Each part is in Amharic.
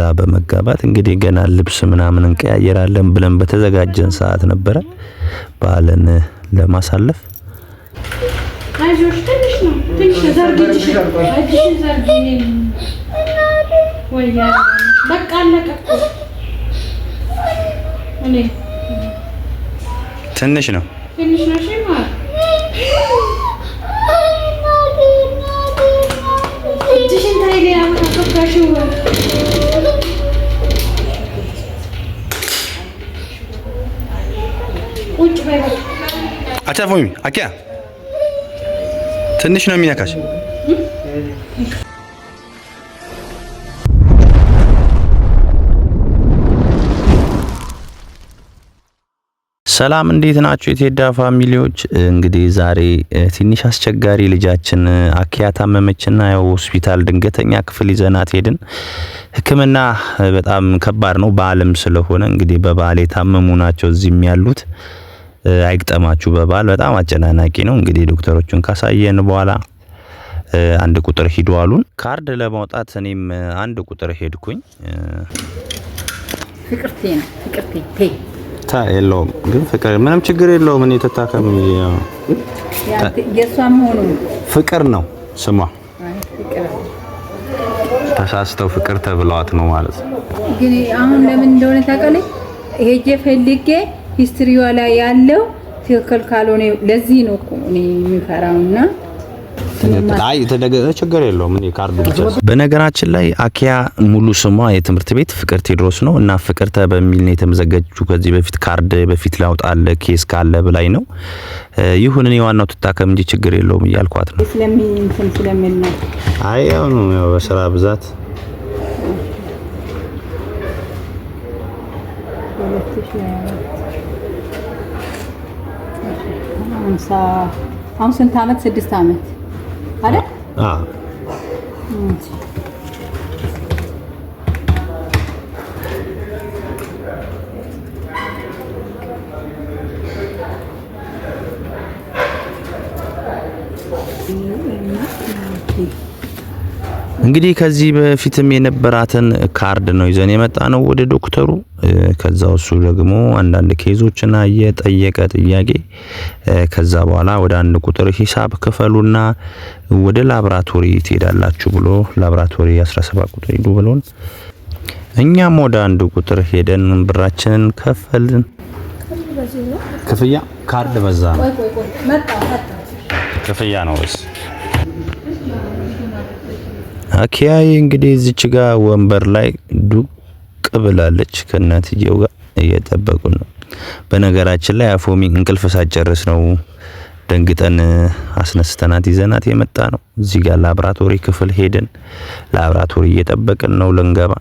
ግራ በመጋባት እንግዲህ ገና ልብስ ምናምን እንቀያየራለን ብለን በተዘጋጀን ሰዓት ነበረ በዓልን ለማሳለፍ። ትንሽ ነው። አቻ ፎሚ አኪያ ትንሽ ነው የሚነካሽ። ሰላም እንዴት ናችሁ? የቴዳ ፋሚሊዎች እንግዲህ ዛሬ ትንሽ አስቸጋሪ ልጃችን አኪያ ታመመችና ያው ሆስፒታል ድንገተኛ ክፍል ይዘናት ሄድን። ሕክምና በጣም ከባድ ነው በዓለም ስለሆነ እንግዲህ በባህል የታመሙ ናቸው እዚህም ያሉት አይግጠማችሁ በባል በጣም አጨናናቂ ነው። እንግዲህ ዶክተሮቹን ካሳየን በኋላ አንድ ቁጥር ሂዱ አሉን። ካርድ ለማውጣት እኔም አንድ ቁጥር ሄድኩኝ። ታ የለውም ግን ፍቅር ምንም ችግር የለውም። እኔ ተታከም ፍቅር ነው ስሟ ተሳስተው ፍቅር ተብለዋት ነው ማለት ነው። ግን አሁን ለምን እንደሆነ ታውቃለህ ሄጄ ፈልጌ ሂስትሪዋ ላይ ያለው ትክክል ካልሆነ ለዚህ ነው እኮ እኔ የሚፈራውና ችግር የለውም። በነገራችን ላይ አኪያ ሙሉ ስሟ የትምህርት ቤት ፍቅር ቴድሮስ ነው እና ፍቅርተ በሚል ነው የተመዘገጁ ከዚህ በፊት ካርድ በፊት ላውጣለ ኬስ ካለ ብላይ ነው። ይሁን እኔ ዋናው ትታከም እንጂ ችግር የለውም እያልኳት ነው። አይ ያው በስራ ብዛት ሁለት ሺህ አሁን ስንት አመት? ስድስት አመት አይደል? እንግዲህ ከዚህ በፊትም የነበራትን ካርድ ነው ይዘን የመጣ ነው ወደ ዶክተሩ። ከዛ እሱ ደግሞ አንዳንድ ኬዞችን አየ፣ ጠየቀ ጥያቄ። ከዛ በኋላ ወደ አንድ ቁጥር ሂሳብ ክፈሉና ወደ ላብራቶሪ ትሄዳላችሁ ብሎ ላብራቶሪ 17 ቁጥር ሂዱ ብሎን እኛም ወደ አንድ ቁጥር ሄደን ብራችንን ከፈልን። ክፍያ ካርድ በዛ ነው ክፍያ ነው ኪያዬ እንግዲህ እዚች ጋር ወንበር ላይ ዱቅ ብላለች ከእናትየው ጋር እየጠበቁ ነው። በነገራችን ላይ አፎሚ እንቅልፍ ሳጨርስ ነው ደንግጠን አስነስተናት ይዘናት የመጣ ነው። እዚህ ጋር ላብራቶሪ ክፍል ሄድን። ላብራቶሪ እየጠበቅን ነው ልንገባ።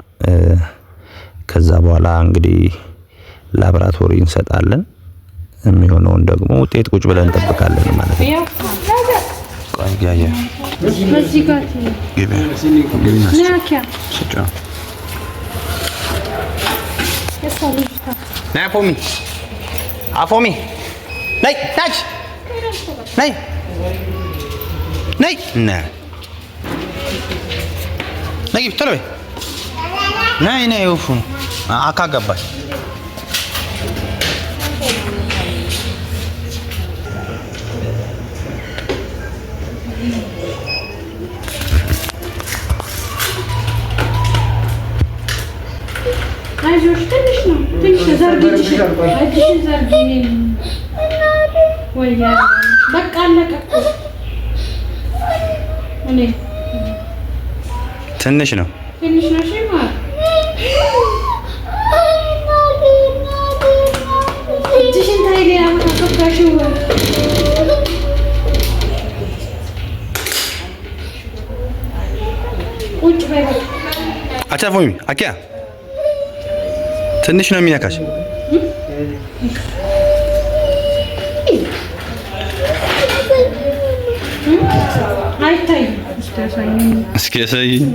ከዛ በኋላ እንግዲህ ላብራቶሪ እንሰጣለን። የሚሆነውን ደግሞ ውጤት ቁጭ ብለን እንጠብቃለን ማለት ነው። ya, ya. Gibi. Gibi nasıl? Sıçra. Ne yapayım? Afomi. Ne? Naç. Ne? Ne? Ne? Ne gibi? Tabii. Ne ne ufun? Aka gabay. ትንሽ ነው ትንሽ አኪያ ትንሽ ነው የሚነካሽ እስኪ ያሳይኝ።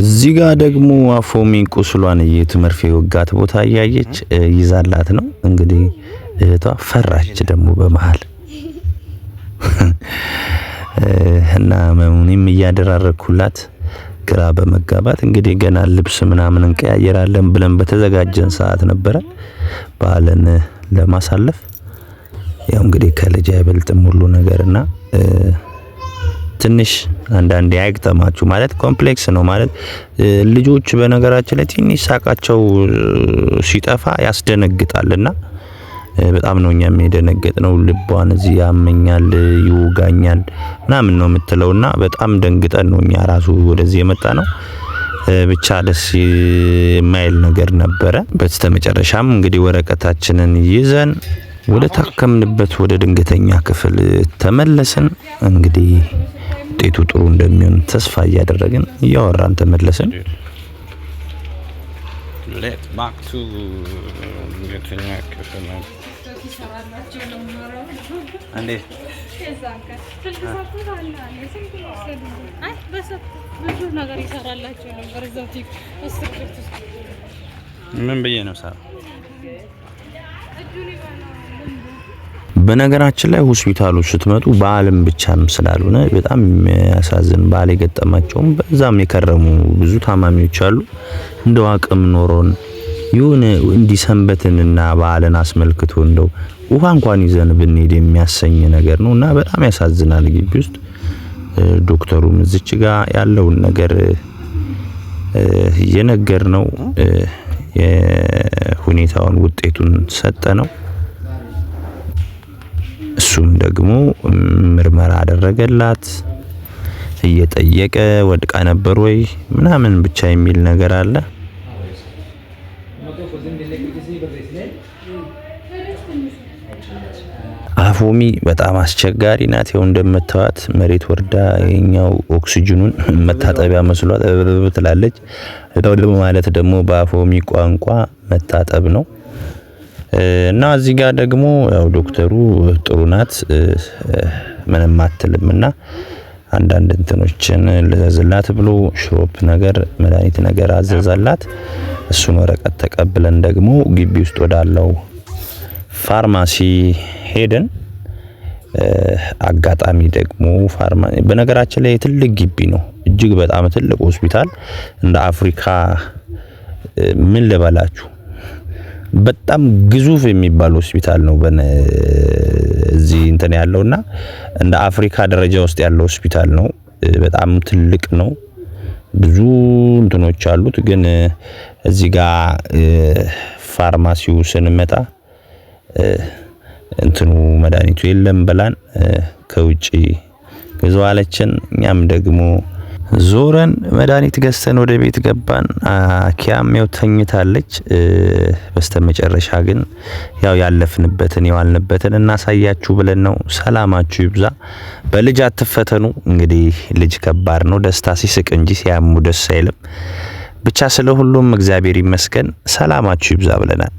እዚህ ጋር ደግሞ አፎሚ ቁስሏን የትመርፌ ወጋት ቦታ እያየች ይዛላት ነው እንግዲህ። እህቷ ፈራች ደግሞ በመሃል እና መሙኒም እያደራረኩላት ግራ በመጋባት እንግዲህ ገና ልብስ ምናምን እንቀያየራለን ብለን በተዘጋጀን ሰዓት ነበረ በዓልን ለማሳለፍ ያው እንግዲህ ከልጅ አይበልጥም ሁሉ ነገርና ትንሽ አንዳንዴ አይግጠማችሁ ማለት ኮምፕሌክስ ነው ማለት ልጆች በነገራችን ላይ ትንሽ ሳቃቸው ሲጠፋ ያስደነግጣልና በጣም ነው እኛም የሚደነገጥ ነው። ልቧን እዚህ ያመኛል፣ ይውጋኛል ምናምን ነው የምትለውና በጣም ደንግጠን ነው እኛ ራሱ ወደዚህ የመጣ ነው። ብቻ ደስ የማይል ነገር ነበረ። በስተመጨረሻም እንግዲህ ወረቀታችንን ይዘን ወደ ታከምንበት ወደ ድንገተኛ ክፍል ተመለስን። እንግዲህ ውጤቱ ጥሩ እንደሚሆን ተስፋ እያደረግን እያወራን ተመለስን። ምን ብዬ ነው በነገራችን ላይ ሆስፒታሎች ስትመጡ በዓልም ብቻም ስላልሆነ በጣም የሚያሳዝን በዓል የገጠማቸውም በዛም የከረሙ ብዙ ታማሚዎች አሉ። እንደው አቅም ኖሮን ይሁን እንዲህ ሰንበትንና በዓልን አስመልክቶ እንደው ውሃ እንኳን ይዘን ብንሄድ የሚያሰኝ ነገር ነው እና በጣም ያሳዝናል። ግቢ ውስጥ ዶክተሩም እዚች ጋር ያለውን ነገር እየነገር ነው የሁኔታውን ውጤቱን ሰጠ ነው። እሱም ደግሞ ምርመራ አደረገላት። እየጠየቀ ወድቃ ነበር ወይ ምናምን ብቻ የሚል ነገር አለ። አፎሚ በጣም አስቸጋሪ ናት። ይኸው እንደምታዩት መሬት ወርዳ የኛው ኦክሲጅኑን መታጠቢያ መስሏት ትላለች። ማለት ደግሞ በአፎሚ ቋንቋ መታጠብ ነው። እና እዚህ ጋር ደግሞ ያው ዶክተሩ ጥሩ ናት ምንም አትልም እና አንዳንድ እንትኖችን ልዘዝላት ብሎ ሽሮፕ ነገር መድኃኒት ነገር አዘዛላት። እሱን ወረቀት ተቀብለን ደግሞ ግቢ ውስጥ ወዳለው ፋርማሲ ሄድን። አጋጣሚ ደግሞ ፋርማሲ በነገራችን ላይ ትልቅ ግቢ ነው፣ እጅግ በጣም ትልቅ ሆስፒታል እንደ አፍሪካ ምን ልበላችሁ በጣም ግዙፍ የሚባል ሆስፒታል ነው። እዚህ እንትን ያለውና እንደ አፍሪካ ደረጃ ውስጥ ያለው ሆስፒታል ነው። በጣም ትልቅ ነው። ብዙ እንትኖች አሉት። ግን እዚህ ጋር ፋርማሲው ስንመጣ እንትኑ መድኃኒቱ የለም ብላን ከውጭ ግዙ አለችን። እኛም ደግሞ ዞረን መድኃኒት ገዝተን ወደ ቤት ገባን። ኪያሜው ተኝታለች። በስተመጨረሻ ግን ያው ያለፍንበትን የዋልንበትን እናሳያችሁ ብለን ነው። ሰላማችሁ ይብዛ። በልጅ አትፈተኑ። እንግዲህ ልጅ ከባድ ነው። ደስታ ሲስቅ እንጂ ሲያሙ ደስ አይልም። ብቻ ስለ ሁሉም እግዚአብሔር ይመስገን። ሰላማችሁ ይብዛ ብለናል።